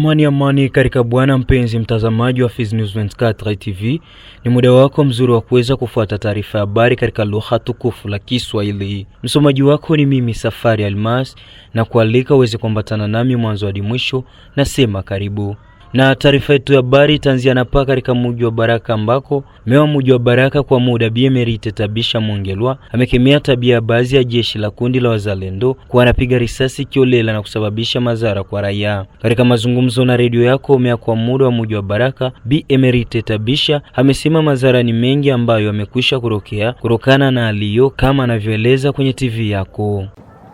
Amani amani katika Bwana. Mpenzi mtazamaji wa Fizi News 24 TV, ni muda wako mzuri wa kuweza kufuata taarifa ya habari katika lugha tukufu la Kiswahili. Msomaji wako ni mimi Safari Almas, na kualika uweze kuambatana nami mwanzo hadi mwisho. Nasema karibu. Na taarifa yetu ya habari itaanzia paka katika muji wa Baraka ambako mewa muji wa Baraka kwa muda Bi Emerite Tabisha amekemea tabia ya baadhi ya jeshi la kundi la wazalendo kuwa anapiga risasi kiolela na kusababisha madhara kwa raia. Katika mazungumzo na redio yako mea kwa muda wa muji wa Baraka, Bi Emerite Tabisha amesema madhara ni mengi ambayo yamekwisha kurokea kutokana na aliyo, kama anavyoeleza kwenye TV yako.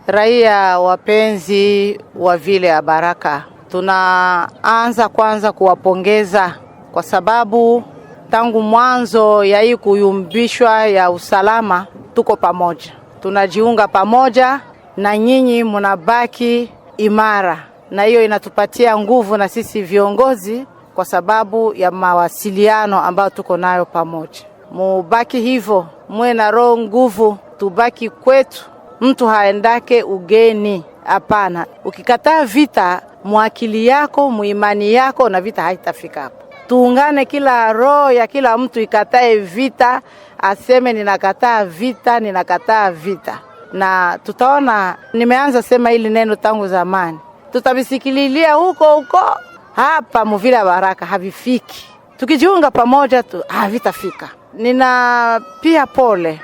Raia wapenzi wa vile ya Baraka Tunaanza kwanza kuwapongeza kwa sababu tangu mwanzo ya hii kuyumbishwa ya usalama tuko pamoja, tunajiunga pamoja na nyinyi, mnabaki imara, na hiyo inatupatia nguvu na sisi viongozi, kwa sababu ya mawasiliano ambayo tuko nayo pamoja. Mubaki hivyo, muwe na roho nguvu, tubaki kwetu, mtu haendake ugeni. Hapana, ukikataa vita mwakili yako muimani yako na vita haitafika hapo. Tuungane, kila roho ya kila mtu ikatae vita, aseme ninakataa vita, ninakataa vita, na tutaona. Nimeanza sema hili neno tangu zamani, tutavisikililia huko huko, hapa muvila baraka havifiki. Tukijiunga pamoja tu havitafika. Ah, Nina pia pole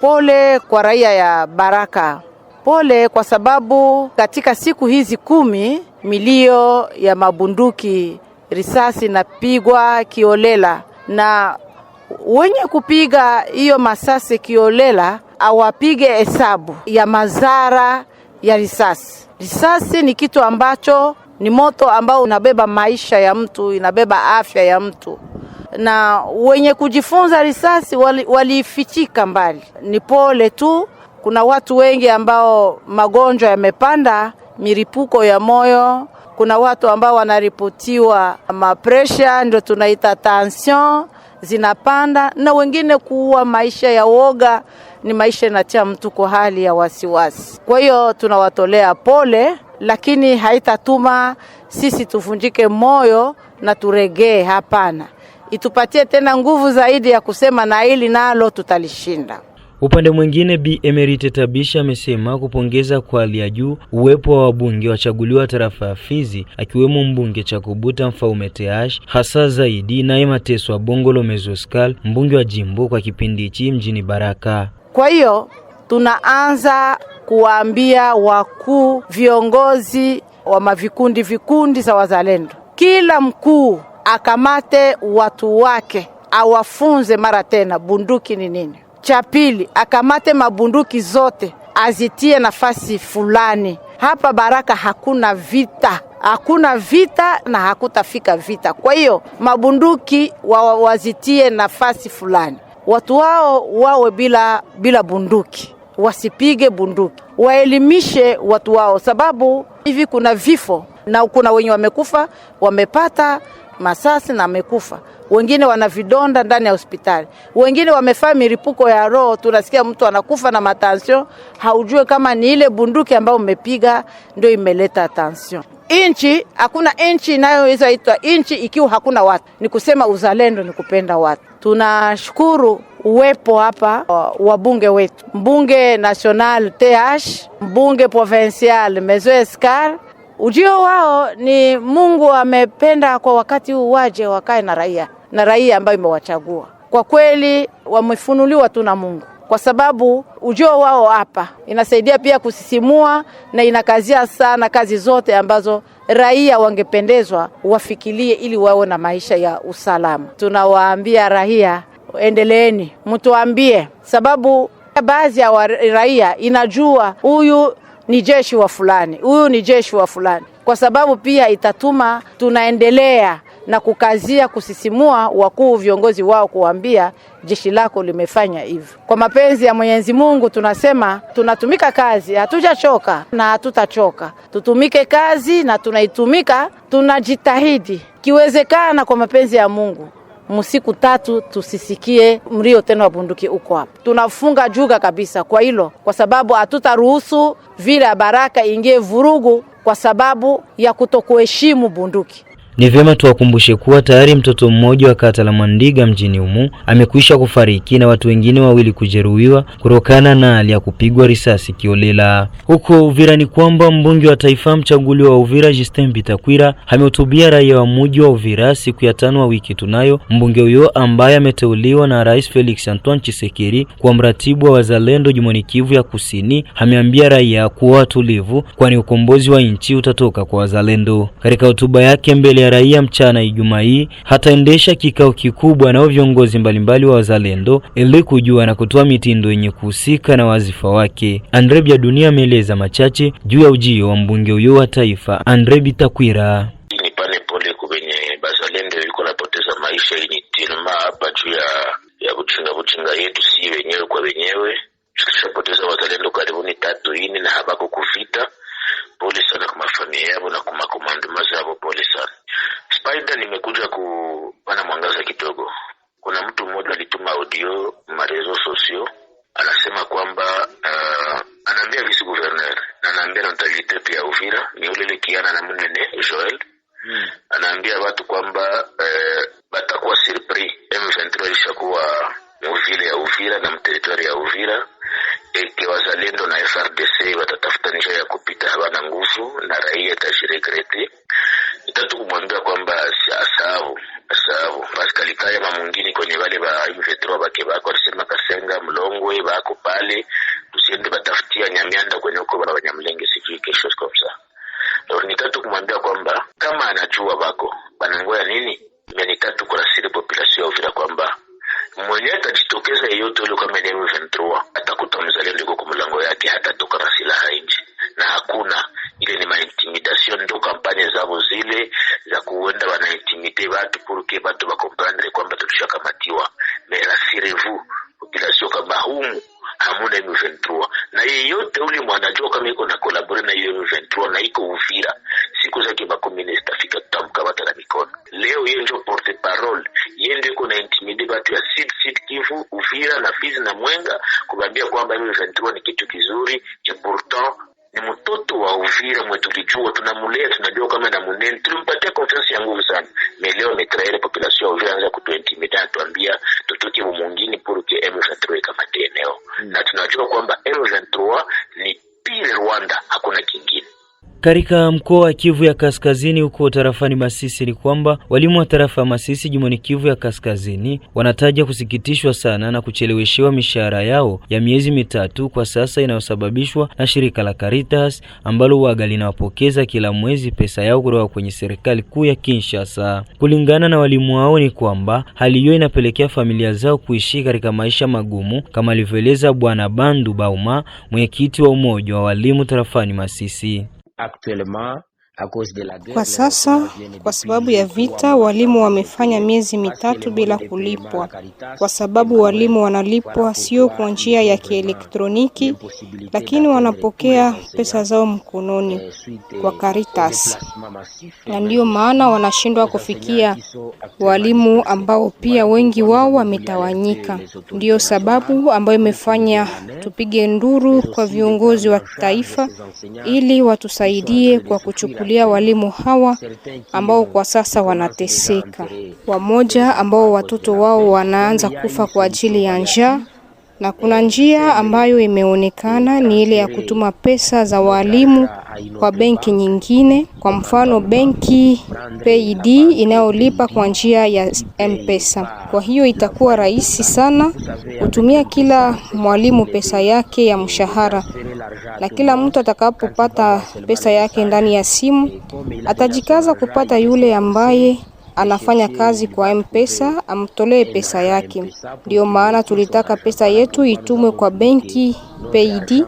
pole kwa raia ya Baraka, pole kwa sababu katika siku hizi kumi milio ya mabunduki, risasi inapigwa kiolela, na wenye kupiga hiyo masasi kiolela awapige hesabu ya madhara ya risasi. Risasi ni kitu ambacho ni moto ambao unabeba maisha ya mtu, inabeba afya ya mtu, na wenye kujifunza risasi waliifichika wali mbali. Ni pole tu, kuna watu wengi ambao magonjwa yamepanda miripuko ya moyo. Kuna watu ambao wanaripotiwa mapresha, ndio tunaita tension zinapanda, na wengine kuua. Maisha ya woga ni maisha inatia mtu kwa hali ya wasiwasi. Kwa hiyo tunawatolea pole, lakini haitatuma sisi tuvunjike moyo na turegee. Hapana, itupatie tena nguvu zaidi ya kusema na hili nalo tutalishinda. Upande mwingine, Bi Emerite Tabisha amesema kupongeza kwa hali ya juu uwepo wa wabunge wachaguliwa tarafa ya Fizi, akiwemo mbunge Chakubuta Mfaume Teash, hasa zaidi naye Mateswa Bongo Lomezo Skal, mbunge wa jimbo kwa kipindi hichi mjini Baraka. Kwa hiyo tunaanza kuwaambia wakuu viongozi wa mavikundi vikundi za wazalendo, kila mkuu akamate watu wake awafunze mara tena bunduki ni nini cha pili akamate mabunduki zote azitie nafasi fulani. Hapa Baraka hakuna vita, hakuna vita na hakutafika vita. Kwa hiyo mabunduki wa wazitie nafasi fulani, watu wao wawe bila bila bunduki, wasipige bunduki, waelimishe watu wao, sababu hivi kuna vifo na kuna wenye wamekufa wamepata masasi na amekufa, wengine wana vidonda ndani ya hospitali, wengine wamefaa milipuko ya roho. Tunasikia mtu anakufa na matansion, haujue kama ni ile bunduki ambayo umepiga ndio imeleta tansion. Inchi hakuna inchi inayoweza itwa inchi ikiwa hakuna watu. Ni kusema uzalendo ni kupenda watu. Tunashukuru uwepo hapa uh, wabunge wetu, mbunge national TH, mbunge provincial mezoescar Ujio wao ni Mungu amependa kwa wakati huu waje wakae na raia na raia ambayo imewachagua kwa kweli, wamefunuliwa tu na Mungu kwa sababu ujio wao hapa inasaidia pia kusisimua na inakazia sana kazi zote ambazo raia wangependezwa wafikilie ili wawe na maisha ya usalama. Tunawaambia raia, endeleeni mtuambie, sababu baadhi ya raia inajua huyu ni jeshi wa fulani, huyu ni jeshi wa fulani, kwa sababu pia itatuma tunaendelea na kukazia kusisimua wakuu viongozi wao kuwaambia jeshi lako limefanya hivyo. Kwa mapenzi ya Mwenyezi Mungu, tunasema tunatumika kazi, hatujachoka na hatutachoka, tutumike kazi na tunaitumika, tunajitahidi kiwezekana, kwa mapenzi ya Mungu msiku tatu tusisikie mlio tena wa bunduki uko hapa. Tunafunga juga kabisa kwa hilo, kwa sababu hatutaruhusu vile ya baraka ingie vurugu kwa sababu ya kutokuheshimu bunduki. Ni vyema tuwakumbushe kuwa tayari mtoto mmoja wa kata la Mwandiga mjini humu amekwisha kufariki na watu wengine wawili kujeruhiwa kutokana na hali ya kupigwa risasi kiolela. Huko Uvira ni kwamba mbunge wa taifa mchaguliwa wa Uvira Justin Bitakwira amehutubia raia wa muji wa Uvira siku ya tano wa wiki tunayo. Mbunge huyo ambaye ameteuliwa na Rais Felix Antoine Tshisekedi kuwa mratibu wa wazalendo jumonikivu Kivu ya Kusini ameambia raia kuwa watulivu, kwani ukombozi wa nchi utatoka kwa wazalendo. Katika hotuba yake mbele raia mchana Ijumaa hii hataendesha kikao kikubwa nao viongozi mbalimbali wa wazalendo ili kujua na kutoa mitindo yenye kuhusika na wazifa wake. Andre Bya Dunia ameeleza machache juu ya ujio wa mbunge huyo wa taifa Andre Bitakwira. Ni pale pole kuvenye bazalendo yuko napoteza maisha initilma hapa juu ya ya buchinga buchinga yetu si wenyewe kwa wenyewe, tukishapoteza wazalendo karibuni tatu ini na habako kufita. Pole sana kwa mafamilia yao na kwa makomandoma zao. Faida nimekuja kupana mwangaza kidogo. Kuna mtu mmoja alituma audio marezo sosio, anasema kwamba uh, anaambia visi guverner na anaambia na tagitete ya Uvira ni yule kiana na munene Joel hmm. Anaambia watu kwamba uh, batakuwa surprise M23 ishakuwa muvile ya Uvira na mteritori ya Uvira eke wazalendo na FRDC watatafuta njia ya kupita, hawana nguvu na raia itashirikrete ni wale ba M23 bake bako alisema Kasenga, Mlongwe bako pale, tusiende batafutia Nyamianda kwenye huko baba Nyamlenge, sijui kesho kabisa. Ndio ni tatu kumwambia kwamba kama anajua bako banangoya nini, ni tatu kurasili population ya Uvira kwamba mwenye atajitokeza yeyote yule kama ni M23 atakuta mzalendo kumlango yake, hatatoka na silaha hii. zabo zile za kuenda wanaintimide watu purke batu bakomprandire kwamba tulishakamatiwa merasirevu population kama humu hamuna M23 na yeyote ule mwanajua kama iko na kolabore na hiyo M23 na iko Uvira siku zake makumi nne zitafika, tutamkamata na mikono. Leo yeye ndio porte parole, yeye ndio iko na intimide batu ya Sud Sud Kivu, Uvira na Fizi na Mwenga, kuambia kwamba M23 ni kitu kizuri, Fira mwe tulijua tunamulea, tunajua kama na munene, tulimpatia confiance ya nguvu sana, Me leo ametraire population vile anza kutuintimida, tuambia tutoke mumungini mungini M23 kama eneo, hmm. na tunajua kwamba M23 katika mkoa wa Kivu ya Kaskazini huko tarafani Masisi ni kwamba walimu wa tarafa ya Masisi jimboni Kivu ya Kaskazini wanataja kusikitishwa sana na kucheleweshewa mishahara yao ya miezi mitatu kwa sasa inayosababishwa na shirika la Caritas ambalo waga linawapokeza kila mwezi pesa yao kutoka kwenye serikali kuu ya Kinshasa. Kulingana na walimu wao ni kwamba hali hiyo inapelekea familia zao kuishi katika maisha magumu kama alivyoeleza Bwana Bandu Bauma, mwenyekiti wa umoja wa walimu tarafani Masisi. actuellement Kwa sasa, kwa sababu ya vita, walimu wamefanya miezi mitatu bila kulipwa, kwa sababu walimu wanalipwa sio kwa njia ya kielektroniki, lakini wanapokea pesa zao mkononi kwa Caritas, na ndiyo maana wanashindwa kufikia walimu ambao pia wengi wao wametawanyika. Ndiyo sababu ambayo imefanya tupige nduru kwa viongozi wa taifa ili watusaidie kwa kuchukua kuwachukulia walimu hawa ambao kwa sasa wanateseka, wamoja ambao watoto wao wanaanza yaani kufa kwa ajili ya njaa na kuna njia ambayo imeonekana ni ile ya kutuma pesa za walimu kwa benki nyingine, kwa mfano benki PID inayolipa kwa njia ya M-Pesa. Kwa hiyo itakuwa rahisi sana kutumia kila mwalimu pesa yake ya mshahara na kila mtu atakapopata pesa yake ndani ya simu atajikaza kupata yule ambaye anafanya kazi kwa mpesa amtolee pesa yake. Ndiyo maana tulitaka pesa yetu itumwe kwa benki PayD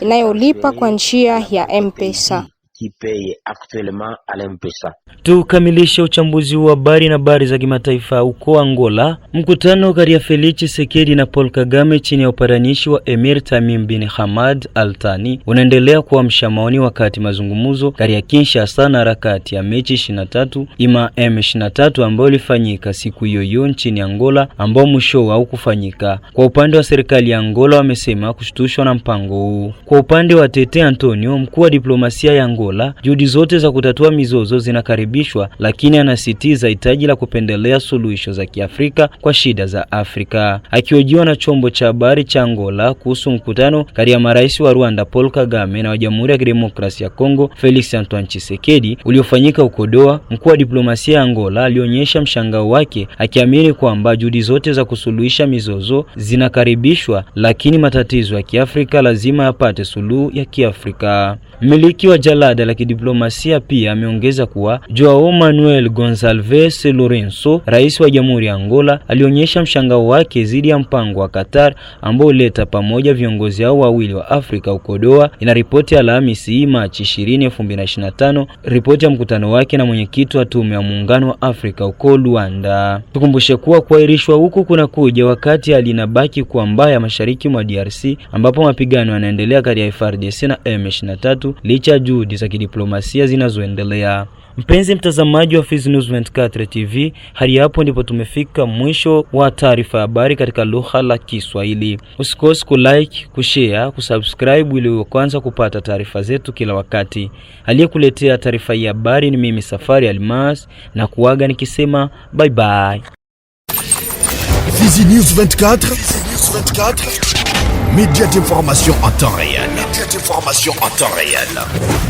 inayolipa kwa njia ya mpesa qui actuellement à l'Mpesa. Tukamilishe uchambuzi wa habari na habari za kimataifa huko Angola. Mkutano kati ya Felix Tshisekedi na Paul Kagame chini ya upatanishi wa Emir Tamim bin Hamad Al Thani unaendelea kuamsha maoni wakati mazungumzo kati ya Kinshasa na harakati ya mechi 23 ima M23 ambayo ilifanyika siku hiyo hiyo nchini Angola, ambao mwisho kufanyika Kwa upande wa serikali ya Angola, wamesema kushtushwa na mpango huu. Kwa upande wa Tete Antonio, mkuu wa diplomasia ya Angola Angola. Juhudi zote za kutatua mizozo zinakaribishwa, lakini anasitiza hitaji la kupendelea suluhisho za Kiafrika kwa shida za Afrika. Akihojiwa na chombo cha habari cha Angola kuhusu mkutano kati ya marais wa Rwanda Paul Kagame na wa Jamhuri ya Kidemokrasia ya Kongo Felix Antoine Tshisekedi uliofanyika huko Doha, mkuu wa diplomasia ya Angola alionyesha mshangao wake akiamini kwamba juhudi zote za kusuluhisha mizozo zinakaribishwa, lakini matatizo ya Kiafrika lazima yapate suluhu ya Kiafrika. Mmiliki wa jalada msaada la kidiplomasia. Pia ameongeza kuwa Joao Manuel Gonsalves Lorenzo, rais wa Jamhuri ya Angola, alionyesha mshangao wake dhidi ya mpango wa Qatar ambao huleta pamoja viongozi hao wawili wa Afrika huko Doha, ina ripoti ya Alhamisi hii Machi 2025, ripoti ya mkutano wake na mwenyekiti wa tume ya muungano wa Afrika huko Luanda. Tukumbushe kuwa kuahirishwa huku kuna kuja wakati hali inabaki kuwa mbaya mashariki mwa DRC ambapo mapigano yanaendelea kati ya FARDC na M23 licha juhudi za kidiplomasia zinazoendelea. Mpenzi mtazamaji wa Fizi News 24 TV, hadi hapo ndipo tumefika mwisho wa taarifa ya habari katika lugha la Kiswahili. Usikose kulike, kushare, kusubscribe ili kwanza kupata taarifa zetu kila wakati. Aliyekuletea taarifa hii habari ni mimi Safari Almas na kuaga nikisema bye bye. Fizi News 24, News 24. Média d'information en temps réel. Média d'information en temps réel.